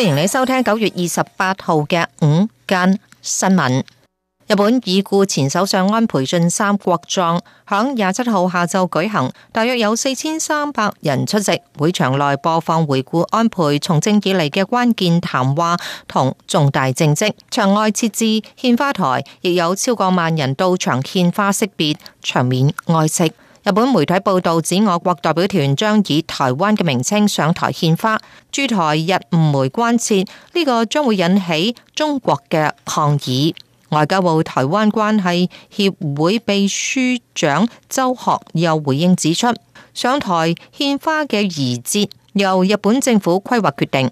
歡迎你收聽九月二十八號嘅午間新聞。日本已故前首相安倍晉三國葬響廿七號下晝舉行，大約有四千三百人出席。會場內播放回顧安倍從政以嚟嘅關鍵談話同重大政績，場外設置獻花台，亦有超過萬人到場獻花識別，惜別場面哀戚。日本媒體報導指，我國代表團將以台灣嘅名稱上台獻花，駐台日媒關切呢個將會引起中國嘅抗議。外交部台灣關係協會秘書長周學又回應指出，上台獻花嘅儀節由日本政府規劃決定，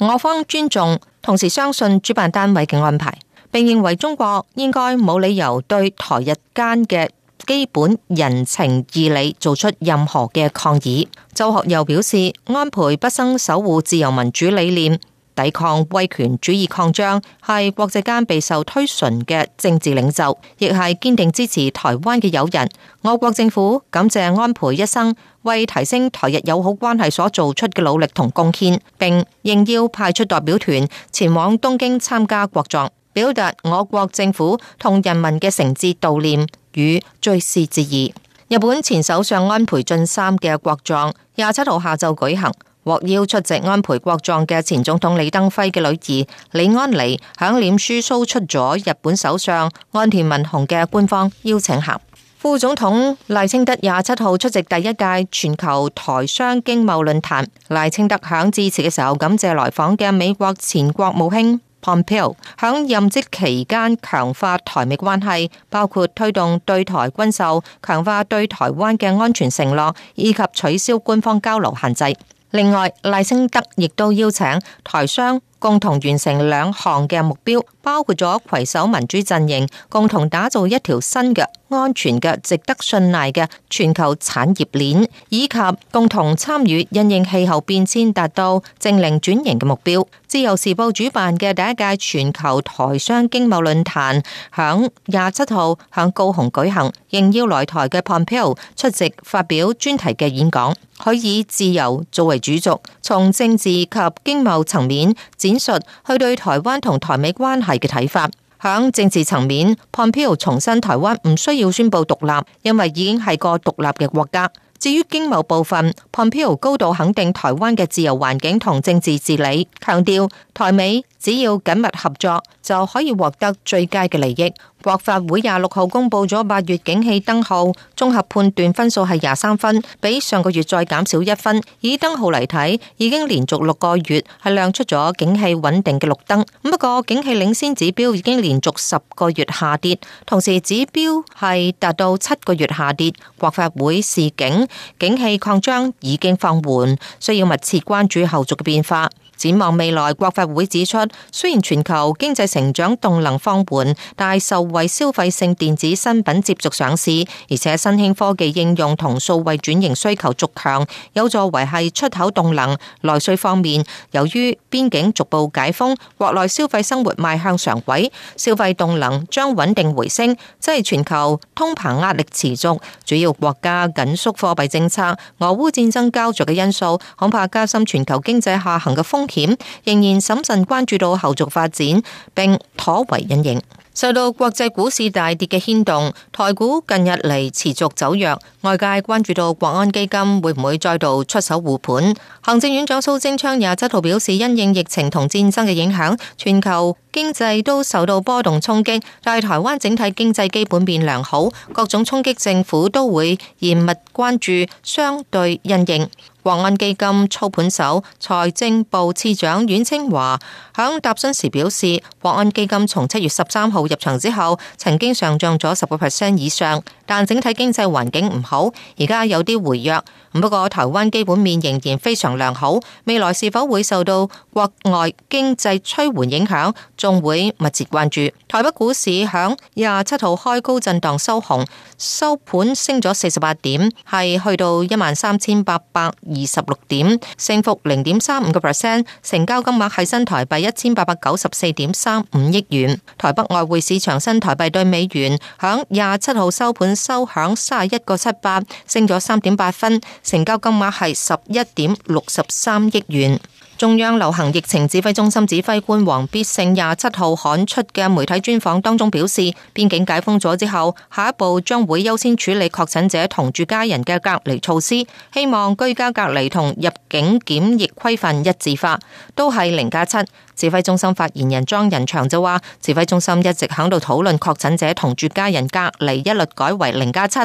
我方尊重，同時相信主辦單位嘅安排，並認為中國應該冇理由對台日間嘅基本人情義理，做出任何嘅抗議。周學又表示，安倍畢生守護自由民主理念，抵抗威權主義擴張，係國際間備受推崇嘅政治領袖，亦係堅定支持台灣嘅友人。我國政府感謝安倍一生為提升台日友好關係所做出嘅努力同貢獻，並應邀派出代表團前往東京參加國葬，表達我國政府同人民嘅誠摯悼念。與追思之意。日本前首相安倍晉三嘅國葬廿七號下晝舉行，獲邀出席安倍國葬嘅前總統李登輝嘅女兒李安妮，響臉書 show 出咗日本首相安田文雄嘅官方邀請函。副總統賴清德廿七號出席第一屆全球台商經貿論壇，賴清德響致辭嘅時候感謝來訪嘅美國前國務卿。龐貝奧響任職期間強化台美關係，包括推動對台軍售、強化對台灣嘅安全承諾，以及取消官方交流限制。另外，賴清德亦都邀請台商，共同完成兩項嘅目標，包括咗攜手民主陣營，共同打造一條新嘅安全嘅值得信賴嘅全球產業鏈，以及共同參與因應氣候變遷達到淨零轉型嘅目標。自由時報主辦嘅第一屆全球台商經貿論壇響廿七號向高雄舉行，應邀來台嘅龐貝奧出席發表專題嘅演講，佢以，以自由作為主軸，從政治及經貿層面。演述佢對台灣同台美關係嘅睇法，響政治層面，Pompeo 重申台灣唔需要宣布獨立，因為已經係個獨立嘅國家。至於經貿部分，Pompeo 高度肯定台灣嘅自由環境同政治治理，強調台美。只要緊密合作，就可以獲得最佳嘅利益。國發會廿六號公布咗八月景氣燈號，綜合判斷分數係廿三分，比上個月再減少一分。以燈號嚟睇，已經連續六個月係亮出咗景氣穩定嘅綠燈。不過景氣領先指標已經連續十個月下跌，同時指標係達到七個月下跌。國發會示警，景氣擴張已經放緩，需要密切關注後續嘅變化。展望未來，國發會指出，雖然全球經濟成長動能放緩，但受惠消費性電子新品接續上市，而且新興科技應用同數位轉型需求續強，有助維繫出口動能。內需方面，由於邊境逐步解封，國內消費生活邁向常軌，消費動能將穩定回升。即係全球通膨壓力持續，主要國家緊縮貨幣政策、俄烏戰爭交錯嘅因素，恐怕加深全球經濟下行嘅風險仍然審慎關注到後續發展，並妥為因應。受到國際股市大跌嘅牽動，台股近日嚟持續走弱，外界關注到國安基金會唔會再度出手護盤。行政院長蘇貞昌也則度表示，因應疫情同戰爭嘅影響，全球經濟都受到波動衝擊，但係台灣整體經濟基本面良好，各種衝擊政府都會嚴密關注相對因應。國安基金操盤手、財政部次長阮清華響答詢時表示：國安基金從七月十三號入場之後，曾經上漲咗十個 percent 以上，但整體經濟環境唔好，而家有啲回弱。不過台灣基本面仍然非常良好，未來是否會受到國外經濟趨緩影響，仲會密切關注。台北股市響廿七號開高震盪收紅，收盤升咗四十八點，係去到一萬三千八百。二十六點，升幅零點三五個 percent，成交金額係新台幣一千八百九十四點三五億元。台北外匯市場新台幣對美元，響廿七號收盤收響三十一個七八，升咗三點八分，成交金額係十一點六十三億元。中央流行疫情指揮中心指揮官王必勝廿七號刊出嘅媒體專訪當中表示，邊境解封咗之後，下一步將會優先處理確診者同住家人嘅隔離措施，希望居家隔離同入境檢疫規範一致化，都係零加七。指揮中心發言人莊仁祥就話，指揮中心一直響度討論確診者同住家人隔離一律改為零加七，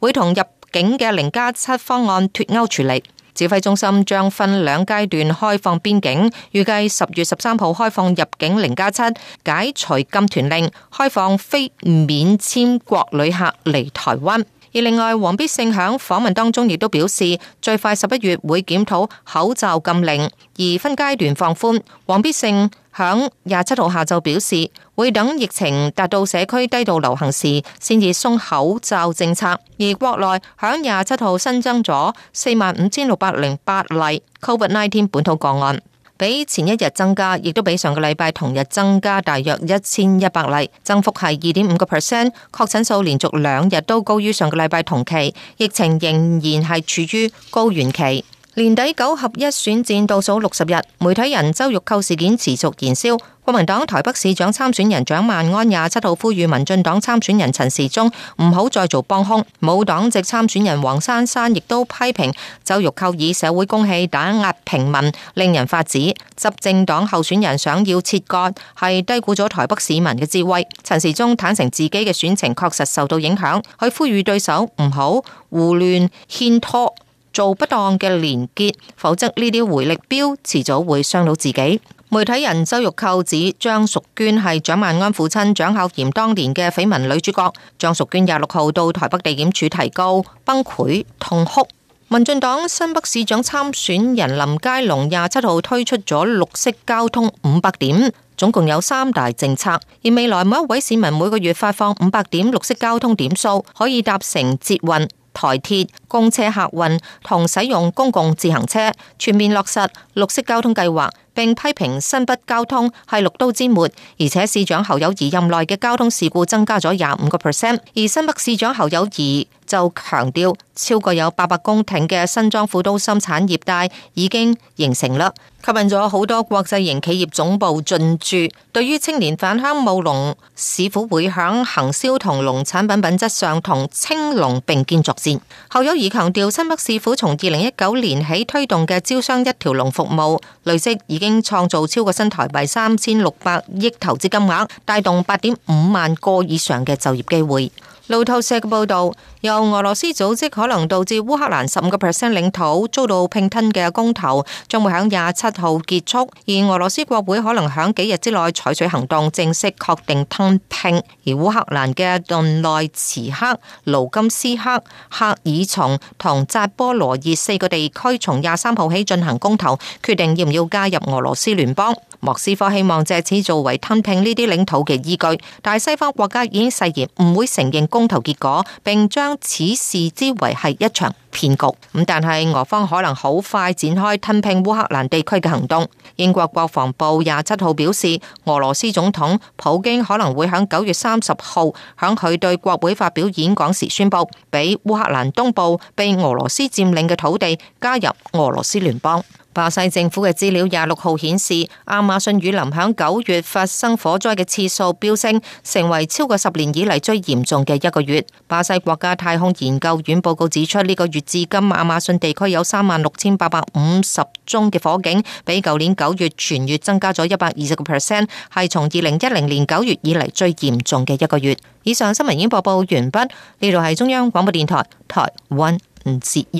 會同入境嘅零加七方案脫鈎處理。指揮中心將分兩階段開放邊境，預計十月十三號開放入境零加七，7，解除禁團令，開放非免簽國旅客嚟台灣。而另外，王必勝響訪問當中亦都表示，最快十一月會檢討口罩禁令，而分階段放寬。王必勝響廿七號下晝表示，會等疫情達到社區低度流行時，先至鬆口罩政策。而國內響廿七號新增咗四萬五千六百零八例 COVID-19 本土個案。比前一日增加，亦都比上個禮拜同日增加大約一千一百例，增幅係二點五個 percent。確診數連續兩日都高於上個禮拜同期，疫情仍然係處於高原期。年底九合一選戰倒數六十日，媒體人周玉蒄事件持續延燒。國民黨台北市長參選人蔣萬安廿七號呼籲民進黨參選人陳時中唔好再做幫兇，冇黨籍參選人黃珊珊亦都批評周玉蔻，以社會公器打壓平民，令人髮指。執政黨候選人想要切割，係低估咗台北市民嘅智慧。陳時中坦承自己嘅選情確實受到影響，佢呼籲對手唔好胡亂牽拖，做不當嘅連結，否則呢啲回力鏢遲早會傷到自己。媒體人周玉蒄指張淑娟係蔣萬安父親蔣孝嚴當年嘅緋聞女主角。張淑娟廿六號到台北地檢署提告，崩潰痛哭。民進黨新北市長參選人林佳龍廿七號推出咗綠色交通五百點，總共有三大政策，而未來每一位市民每個月發放五百點綠色交通點數，可以搭乘捷運、台鐵、公車客運、客運同使用公共自行車，全面落實綠色交通計劃。並批評新北交通係六都之末，而且市長侯友宜任內嘅交通事故增加咗廿五個 percent。而新北市長侯友宜就強調，超過有八百公頃嘅新莊副都心產業帶已經形成啦，吸引咗好多國際型企業總部進駐。對於青年返鄉務農，市府會響行銷同農產品品質上同青農並肩作戰。侯友宜強調，新北市府從二零一九年起推動嘅招商一條龍服務，累積已經。創造超過新台幣三千六百億投資金額，帶動八點五萬個以上嘅就業機會。路透社嘅報道，由俄羅斯組織可能導致烏克蘭十五個 percent 領土遭到併吞嘅公投，將會響廿七號結束，而俄羅斯國會可能響幾日之內採取行動，正式確定吞併。而烏克蘭嘅頓內茨克、盧甘斯克、赫爾松同扎波羅熱四個地區，從廿三號起進行公投，決定要唔要加入俄羅斯聯邦。莫斯科希望借此作為吞併呢啲領土嘅依據，但係西方國家已經誓言唔會承認公投結果，並將此事之為係一場騙局。咁但係俄方可能好快展開吞併烏克蘭地區嘅行動。英國國防部廿七號表示，俄羅斯總統普京可能會響九月三十號響佢對國會發表演講時宣布，俾烏克蘭東部被俄羅斯佔領嘅土地加入俄羅斯聯邦。巴西政府嘅資料廿六號顯示，亞馬遜雨林響九月發生火災嘅次數飆升，成為超過十年以嚟最嚴重嘅一個月。巴西國家太空研究院報告指出，呢、這個月至今，亞馬遜地區有三萬六千八百五十宗嘅火警，比舊年九月全月增加咗一百二十個 percent，係從二零一零年九月以嚟最嚴重嘅一個月。以上新聞已經播報,報告完畢，呢度係中央廣播電台，台灣吳捷。